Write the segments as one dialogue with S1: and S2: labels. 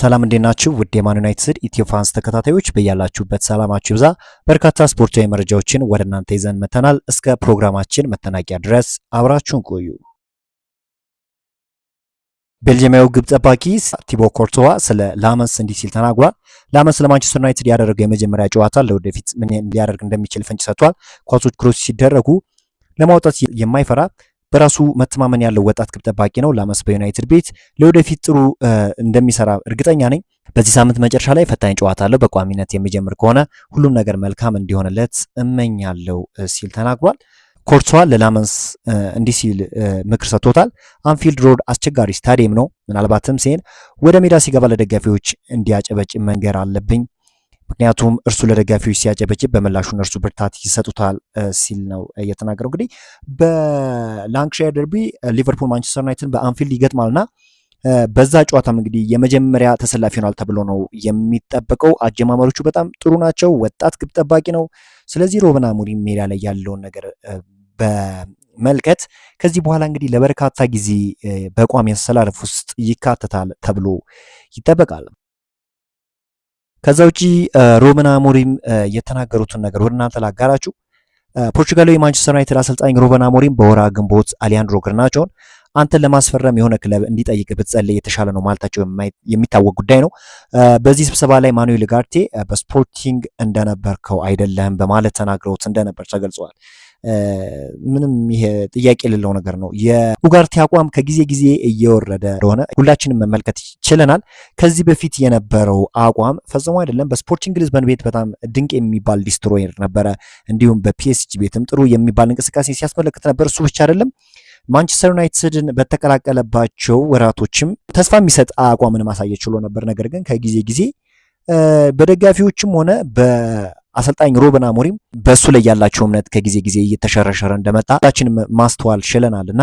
S1: ሰላም እንዴት ናችሁ? ውድ የማን ዩናይትድ ኢትዮ ፋንስ ተከታታዮች በያላችሁበት ሰላማችሁ ይብዛ። በርካታ ስፖርታዊ መረጃዎችን ወደ እናንተ ይዘን መተናል። እስከ ፕሮግራማችን መጠናቂያ ድረስ አብራችሁን ቆዩ። ቤልጅየማዊ ግብ ጠባቂ ቲቦ ኮርቶዋ ስለ ላመንስ እንዲህ ሲል ተናግሯል። ላመንስ ለማንቸስተር ዩናይትድ ያደረገው የመጀመሪያ ጨዋታ ለወደፊት ምን ሊያደርግ እንደሚችል ፍንጭ ሰጥቷል። ኳሶች ክሮስ ሲደረጉ ለማውጣት የማይፈራ በራሱ መተማመን ያለው ወጣት ግብ ጠባቂ ነው። ላመስ በዩናይትድ ቤት ለወደፊት ጥሩ እንደሚሰራ እርግጠኛ ነኝ። በዚህ ሳምንት መጨረሻ ላይ ፈታኝ ጨዋታ አለው። በቋሚነት የሚጀምር ከሆነ ሁሉም ነገር መልካም እንዲሆንለት እመኛለሁ ሲል ተናግሯል። ኮርቷ ለላመንስ እንዲህ ሲል ምክር ሰጥቶታል። አንፊልድ ሮድ አስቸጋሪ ስታዲየም ነው። ምናልባትም ሲሄን ወደ ሜዳ ሲገባ ለደጋፊዎች እንዲያጨበጭ መንገር አለብኝ ምክንያቱም እርሱ ለደጋፊዎች ሲያጨበጭብ በምላሹ እነርሱ ብርታት ይሰጡታል ሲል ነው እየተናገረው። እንግዲህ በላንክሻየር ደርቢ ሊቨርፑል ማንቸስተር ዩናይትድን በአንፊልድ ይገጥማልና በዛ ጨዋታም እንግዲህ የመጀመሪያ ተሰላፊ ይሆናል ተብሎ ነው የሚጠበቀው። አጀማመሮቹ በጣም ጥሩ ናቸው። ወጣት ግብ ጠባቂ ነው። ስለዚህ ሮብና አሞሪም ሜዳ ላይ ያለውን ነገር በመልከት ከዚህ በኋላ እንግዲህ ለበርካታ ጊዜ በቋሚ አሰላለፍ ውስጥ ይካተታል ተብሎ ይጠበቃል። ከዛ ውጪ ሮበን አሞሪም የተናገሩትን ነገር ወደ እናንተ ላጋራችሁ። ፖርቹጋላዊ የማንቸስተር ዩናይትድ አሰልጣኝ ሮበን አሞሪም በወራ ግንቦት አሊያንድሮ ግርናቸውን አንተን ለማስፈረም የሆነ ክለብ እንዲጠይቅ ብትጸልይ የተሻለ ነው ማለታቸው የሚታወቅ ጉዳይ ነው። በዚህ ስብሰባ ላይ ማኑዌል ጋርቴ በስፖርቲንግ እንደነበርከው አይደለም በማለት ተናግረውት እንደነበር ተገልጸዋል። ምንም ይሄ ጥያቄ የሌለው ነገር ነው። የኡጋርቴ አቋም ከጊዜ ጊዜ እየወረደ እንደሆነ ሁላችንም መመልከት ችለናል። ከዚህ በፊት የነበረው አቋም ፈጽሞ አይደለም። በስፖርቲንግ ሊዝበን ቤት በጣም ድንቅ የሚባል ዲስትሮየር ነበረ። እንዲሁም በፒኤስጂ ቤትም ጥሩ የሚባል እንቅስቃሴ ሲያስመለክት ነበር። እሱ ብቻ አይደለም ማንቸስተር ዩናይትድን በተቀላቀለባቸው ወራቶችም ተስፋ የሚሰጥ አቋምን ማሳየት ችሎ ነበር። ነገር ግን ከጊዜ ጊዜ በደጋፊዎችም ሆነ አሰልጣኝ ሩበን አሞሪም በእሱ ላይ ያላቸው እምነት ከጊዜ ጊዜ እየተሸረሸረ እንደመጣ ሁላችን ማስተዋል ችለናል እና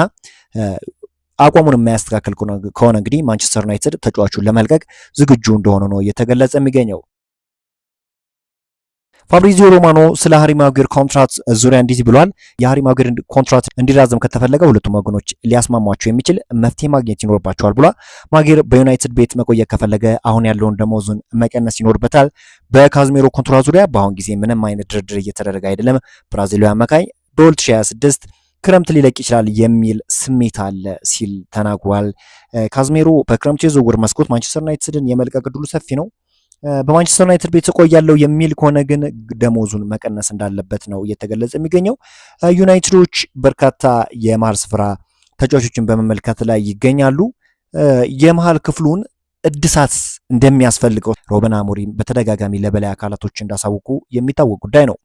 S1: አቋሙን የማያስተካከል ከሆነ እንግዲህ ማንቸስተር ዩናይትድ ተጫዋቹን ለመልቀቅ ዝግጁ እንደሆነ ነው እየተገለጸ የሚገኘው። ፋብሪዚዮ ሮማኖ ስለ ሃሪ ማጉዌር ኮንትራት ዙሪያ እንዲህ ብሏል። የሃሪ ማጉዌር ኮንትራት እንዲራዘም ከተፈለገ ሁለቱም ወገኖች ሊያስማሟቸው የሚችል መፍትሄ ማግኘት ይኖርባቸዋል ብሏል። ማጉዌር በዩናይትድ ቤት መቆየት ከፈለገ አሁን ያለውን ደሞዙን መቀነስ ይኖርበታል። በካዝሜሮ ኮንትራት ዙሪያ በአሁን ጊዜ ምንም አይነት ድርድር እየተደረገ አይደለም። ብራዚላዊ አማካይ በ2026 ክረምት ሊለቅ ይችላል የሚል ስሜት አለ ሲል ተናግሯል። ካዝሜሮ በክረምቱ የዝውውር መስኮት ማንቸስተር ዩናይትድን የመልቀቅ ዕድሉ ሰፊ ነው። በማንቸስተር ዩናይትድ ቤት እቆያለሁ የሚል ከሆነ ግን ደሞዙን መቀነስ እንዳለበት ነው እየተገለጸ የሚገኘው። ዩናይትዶች በርካታ የመሃል ስፍራ ተጫዋቾችን በመመልከት ላይ ይገኛሉ። የመሃል ክፍሉን እድሳት እንደሚያስፈልገው ሮበን አሞሪም በተደጋጋሚ ለበላይ አካላቶች እንዳሳውቁ የሚታወቅ ጉዳይ ነው።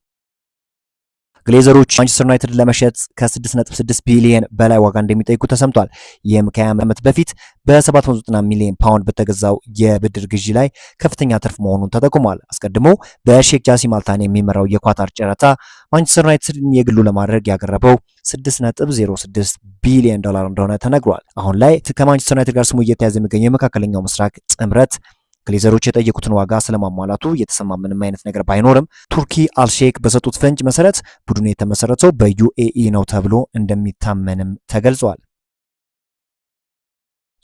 S1: ግሌዘሮች ማንቸስተር ዩናይትድ ለመሸጥ ከ6.6 ቢሊየን በላይ ዋጋ እንደሚጠይቁ ተሰምቷል። ይህም ከ20 ዓመት በፊት በ790 ሚሊዮን ፓውንድ በተገዛው የብድር ግዢ ላይ ከፍተኛ ትርፍ መሆኑን ተጠቁሟል። አስቀድሞ በሼክ ጃሲም አልታኒ የሚመራው የኳታር ጨረታ ማንቸስተር ዩናይትድን የግሉ ለማድረግ ያቀረበው 6.06 ቢሊዮን ዶላር እንደሆነ ተነግሯል። አሁን ላይ ከማንቸስተር ዩናይትድ ጋር ስሙ እየተያዘ የሚገኘው የመካከለኛው ምስራቅ ጥምረት ግሌዘሮች የጠየቁትን ዋጋ ስለማሟላቱ የተሰማ ምንም አይነት ነገር ባይኖርም ቱርኪ አልሼክ በሰጡት ፍንጭ መሰረት ቡድኑ የተመሰረተው በዩኤኢ ነው ተብሎ እንደሚታመንም ተገልጿል።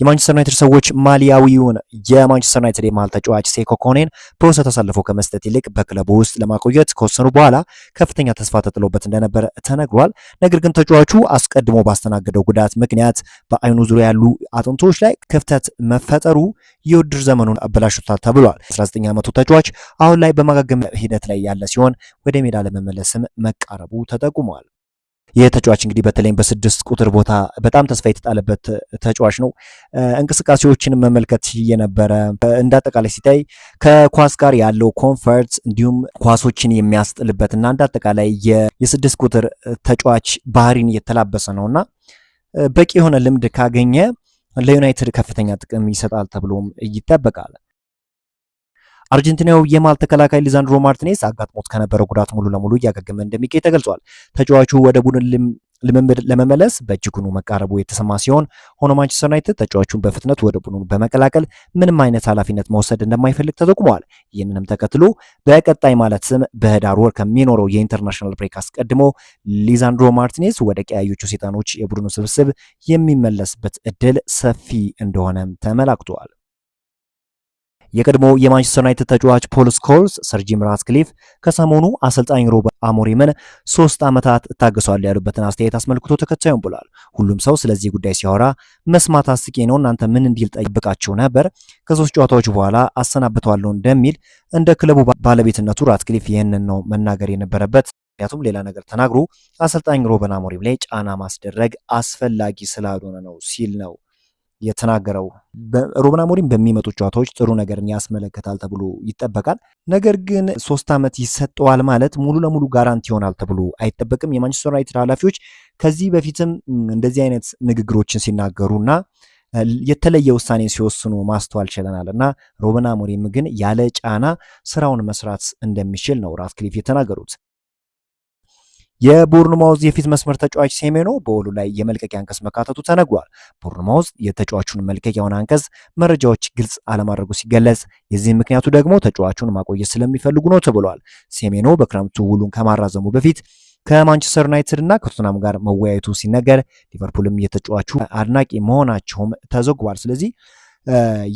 S1: የማንቸስተር ዩናይትድ ሰዎች ማሊያዊውን የማንቸስተር ዩናይትድ የመሃል ተጫዋች ሴኮ ኮኔን በውሰት አሳልፎ ከመስጠት ይልቅ በክለቡ ውስጥ ለማቆየት ከወሰኑ በኋላ ከፍተኛ ተስፋ ተጥሎበት እንደነበረ ተነግሯል። ነገር ግን ተጫዋቹ አስቀድሞ ባስተናገደው ጉዳት ምክንያት በአይኑ ዙሪያ ያሉ አጥንቶች ላይ ክፍተት መፈጠሩ የውድድር ዘመኑን አበላሽቷል ተብሏል። 19 ዓመቱ ተጫዋች አሁን ላይ በማጋገም ሂደት ላይ ያለ ሲሆን ወደ ሜዳ ለመመለስም መቃረቡ ተጠቁሟል። ይህ ተጫዋች እንግዲህ በተለይም በስድስት ቁጥር ቦታ በጣም ተስፋ የተጣለበት ተጫዋች ነው። እንቅስቃሴዎችን መመልከት የነበረ እንዳጠቃላይ ሲታይ ከኳስ ጋር ያለው ኮንፈርት እንዲሁም ኳሶችን የሚያስጥልበት እና እንዳጠቃላይ የስድስት ቁጥር ተጫዋች ባህሪን እየተላበሰ ነው እና በቂ የሆነ ልምድ ካገኘ ለዩናይትድ ከፍተኛ ጥቅም ይሰጣል ተብሎም ይጠበቃል። አርጀንቲናው የማል ተከላካይ ሊዛንድሮ ማርቲኔስ አጋጥሞት ከነበረው ጉዳት ሙሉ ለሙሉ እያገገመ እንደሚገኝ ተገልጿል። ተጫዋቹ ወደ ቡድን ልምምድ ለመመለስ በእጅጉኑ መቃረቡ የተሰማ ሲሆን ሆኖ ማንቸስተር ዩናይትድ ተጫዋቹን በፍጥነት ወደ ቡድኑ በመቀላቀል ምንም አይነት ኃላፊነት መውሰድ እንደማይፈልግ ተጠቁመዋል። ይህንንም ተከትሎ በቀጣይ ማለትም በህዳር ወር ከሚኖረው የኢንተርናሽናል ብሬክ አስቀድሞ ሊዛንድሮ ማርቲኔስ ወደ ቀያዮቹ ሰይጣኖች የቡድኑ ስብስብ የሚመለስበት እድል ሰፊ እንደሆነም ተመላክቷል። የቀድሞ የማንቸስተር ዩናይትድ ተጫዋች ፖል ስኮልስ ሰር ጂም ራትክሊፍ ከሰሞኑ አሰልጣኝ ሮበን አሞሪምን ሶስት ዓመታት እታገሷል ያሉበትን አስተያየት አስመልክቶ ተከታዩም ብሏል። ሁሉም ሰው ስለዚህ ጉዳይ ሲያወራ መስማት አስቂ ነው። እናንተ ምን እንዲል ጠይቃችሁ ነበር? ከሶስት ጨዋታዎች በኋላ አሰናብተዋለሁ እንደሚል እንደ ክለቡ ባለቤትነቱ ራትክሊፍ ይህንን ነው መናገር የነበረበት። ምክንያቱም ሌላ ነገር ተናግሮ አሰልጣኝ ሮበን አሞሪም ላይ ጫና ማስደረግ አስፈላጊ ስላልሆነ ነው ሲል ነው የተናገረው። ሩበን አሞሪም በሚመጡ ጨዋታዎች ጥሩ ነገርን ያስመለከታል ተብሎ ይጠበቃል። ነገር ግን ሶስት ዓመት ይሰጠዋል ማለት ሙሉ ለሙሉ ጋራንቲ ይሆናል ተብሎ አይጠበቅም። የማንቸስተር ዩናይትድ ኃላፊዎች ከዚህ በፊትም እንደዚህ አይነት ንግግሮችን ሲናገሩና የተለየ ውሳኔ ሲወስኑ ማስተዋል ችለናል እና ሩበን አሞሪም ግን ያለ ጫና ስራውን መስራት እንደሚችል ነው ራትክሊፍ የተናገሩት። የቦርንማውዝ የፊት መስመር ተጫዋች ሴሜኖ በውሉ ላይ የመልቀቂያ አንቀጽ መካተቱ ተነግሯል። ቦርንማውዝ የተጫዋቹን መልቀቂያውን አንቀጽ መረጃዎች ግልጽ አለማድረጉ ሲገለጽ፣ የዚህም ምክንያቱ ደግሞ ተጫዋቹን ማቆየት ስለሚፈልጉ ነው ተብሏል። ሴሜኖ በክረምቱ ውሉን ከማራዘሙ በፊት ከማንቸስተር ዩናይትድ እና ከቶትናም ጋር መወያየቱ ሲነገር፣ ሊቨርፑልም የተጫዋቹ አድናቂ መሆናቸውም ተዘግቧል። ስለዚህ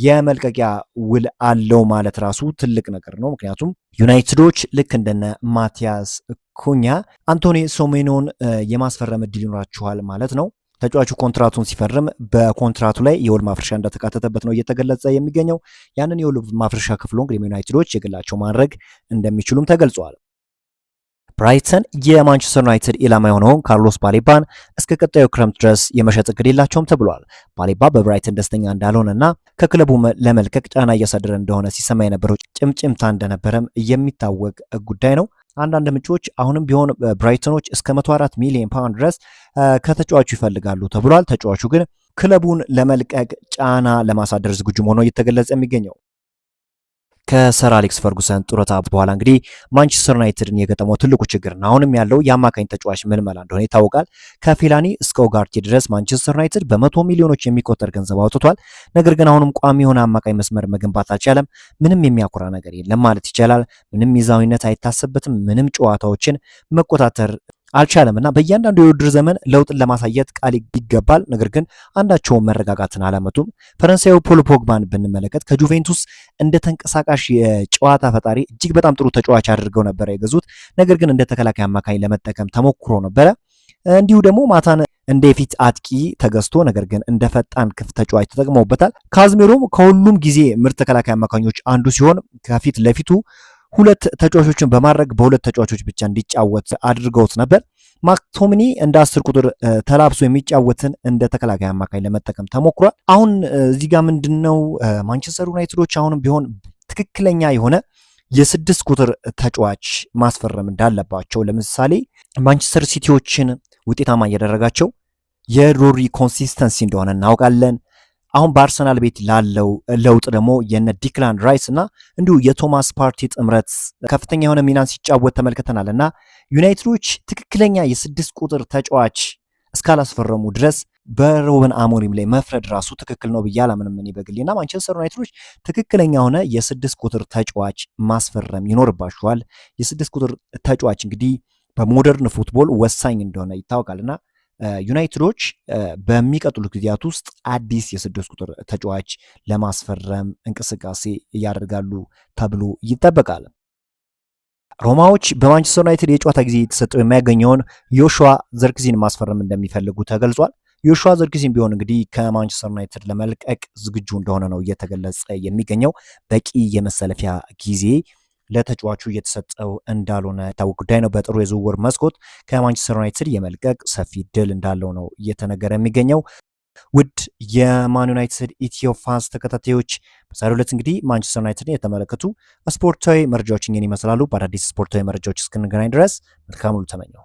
S1: የመልቀቂያ ውል አለው ማለት ራሱ ትልቅ ነገር ነው። ምክንያቱም ዩናይትዶች ልክ እንደነ ማቲያስ ኩኛ አንቶኒ ሶሜኖን የማስፈረም እድል ይኖራችኋል ማለት ነው። ተጫዋቹ ኮንትራቱን ሲፈርም በኮንትራቱ ላይ የውል ማፍረሻ እንደተካተተበት ነው እየተገለጸ የሚገኘው። ያንን የውል ማፍረሻ ክፍሎ እንግዲህ ዩናይትዶች የግላቸው ማድረግ እንደሚችሉም ተገልጿል። ብራይተን የማንቸስተር ዩናይትድ ኢላማ የሆነውን ካርሎስ ባሌባን እስከ ቀጣዩ ክረምት ድረስ የመሸጥ እቅድ የላቸውም ተብሏል። ባሌባ በብራይተን ደስተኛ እንዳልሆነና ከክለቡ ለመልቀቅ ጫና እያሳደረ እንደሆነ ሲሰማ የነበረው ጭምጭምታ እንደነበረም የሚታወቅ ጉዳይ ነው። አንዳንድ ምንጮች አሁንም ቢሆን ብራይተኖች እስከ 104 ሚሊዮን ፓውንድ ድረስ ከተጫዋቹ ይፈልጋሉ ተብሏል። ተጫዋቹ ግን ክለቡን ለመልቀቅ ጫና ለማሳደር ዝግጁ መሆኑ እየተገለጸ የሚገኘው ከሰር አሌክስ ፈርጉሰን ጡረታ በኋላ እንግዲህ ማንቸስተር ዩናይትድን የገጠመው ትልቁ ነው። አሁንም ያለው የአማካኝ ተጫዋች መልመላ እንደሆነ ይታወቃል። ከፊላኒ እስከ ኦጋርቲ ድረስ ማንቸስተር ዩናይትድ በመቶ ሚሊዮኖች የሚቆጠር ገንዘብ አውጥቷል። ነገር ግን አሁንም ቋሚ የሆነ አማካኝ መስመር መገንባት አልቻለም። ምንም የሚያኩራ ነገር የለም ማለት ይቻላል። ምንም ሚዛዊነት አይታሰበትም። ምንም ጨዋታዎችን መቆጣጠር አልቻለም እና በእያንዳንዱ የውድድር ዘመን ለውጥን ለማሳየት ቃል ይገባል። ነገር ግን አንዳቸውን መረጋጋትን አላመጡም። ፈረንሳዊ ፖል ፖግባን ብንመለከት ከጁቬንቱስ እንደ ተንቀሳቃሽ የጨዋታ ፈጣሪ እጅግ በጣም ጥሩ ተጫዋች አድርገው ነበረ የገዙት። ነገር ግን እንደ ተከላካይ አማካኝ ለመጠቀም ተሞክሮ ነበረ። እንዲሁ ደግሞ ማታን እንደ የፊት አጥቂ ተገዝቶ ነገር ግን እንደ ፈጣን ክፍ ተጫዋች ተጠቅመውበታል። ካዝሜሮም ከሁሉም ጊዜ ምርጥ ተከላካይ አማካኞች አንዱ ሲሆን ከፊት ለፊቱ ሁለት ተጫዋቾችን በማድረግ በሁለት ተጫዋቾች ብቻ እንዲጫወት አድርገውት ነበር። ማክቶሚኒ እንደ አስር ቁጥር ተላብሶ የሚጫወትን እንደ ተከላካይ አማካኝ ለመጠቀም ተሞክሯል። አሁን እዚህ ጋር ምንድን ነው ማንቸስተር ዩናይትዶች አሁንም ቢሆን ትክክለኛ የሆነ የስድስት ቁጥር ተጫዋች ማስፈረም እንዳለባቸው ለምሳሌ ማንቸስተር ሲቲዎችን ውጤታማ እያደረጋቸው የሮሪ ኮንሲስተንሲ እንደሆነ እናውቃለን። አሁን በአርሰናል ቤት ላለው ለውጥ ደግሞ የነ ዲክላን ራይስ እና እንዲሁ የቶማስ ፓርቲ ጥምረት ከፍተኛ የሆነ ሚናን ሲጫወት ተመልክተናል እና ዩናይትዶች ትክክለኛ የስድስት ቁጥር ተጫዋች እስካላስፈረሙ ድረስ በሮበን አሞሪም ላይ መፍረድ ራሱ ትክክል ነው ብዬ አላምንም እኔ በግሌ እና ማንቸስተር ዩናይትዶች ትክክለኛ የሆነ የስድስት ቁጥር ተጫዋች ማስፈረም ይኖርባቸዋል። የስድስት ቁጥር ተጫዋች እንግዲህ በሞደርን ፉትቦል ወሳኝ እንደሆነ ይታወቃል እና ዩናይትዶች በሚቀጥሉት ጊዜያት ውስጥ አዲስ የስድስት ቁጥር ተጫዋች ለማስፈረም እንቅስቃሴ ያደርጋሉ ተብሎ ይጠበቃል። ሮማዎች በማንቸስተር ዩናይትድ የጨዋታ ጊዜ የተሰጠው የሚያገኘውን ዮሹዋ ዘርክዚን ማስፈረም እንደሚፈልጉ ተገልጿል። ዮሹዋ ዘርክዚን ቢሆን እንግዲህ ከማንቸስተር ዩናይትድ ለመልቀቅ ዝግጁ እንደሆነ ነው እየተገለጸ የሚገኘው በቂ የመሰለፊያ ጊዜ ለተጫዋቹ እየተሰጠው እንዳልሆነ የታወቀ ጉዳይ ነው። በጥሩ የዝውውር መስኮት ከማንቸስተር ዩናይትድ የመልቀቅ ሰፊ ድል እንዳለው ነው እየተነገረ የሚገኘው። ውድ የማን ዩናይትድ ኢትዮ ፋንስ ተከታታዮች በዛሬው ዕለት እንግዲህ ማንቸስተር ዩናይትድን የተመለከቱ ስፖርታዊ መረጃዎች ይመስላሉ። በአዳዲስ ስፖርታዊ መረጃዎች እስክንገናኝ ድረስ መልካም ሁሉ ተመኘው።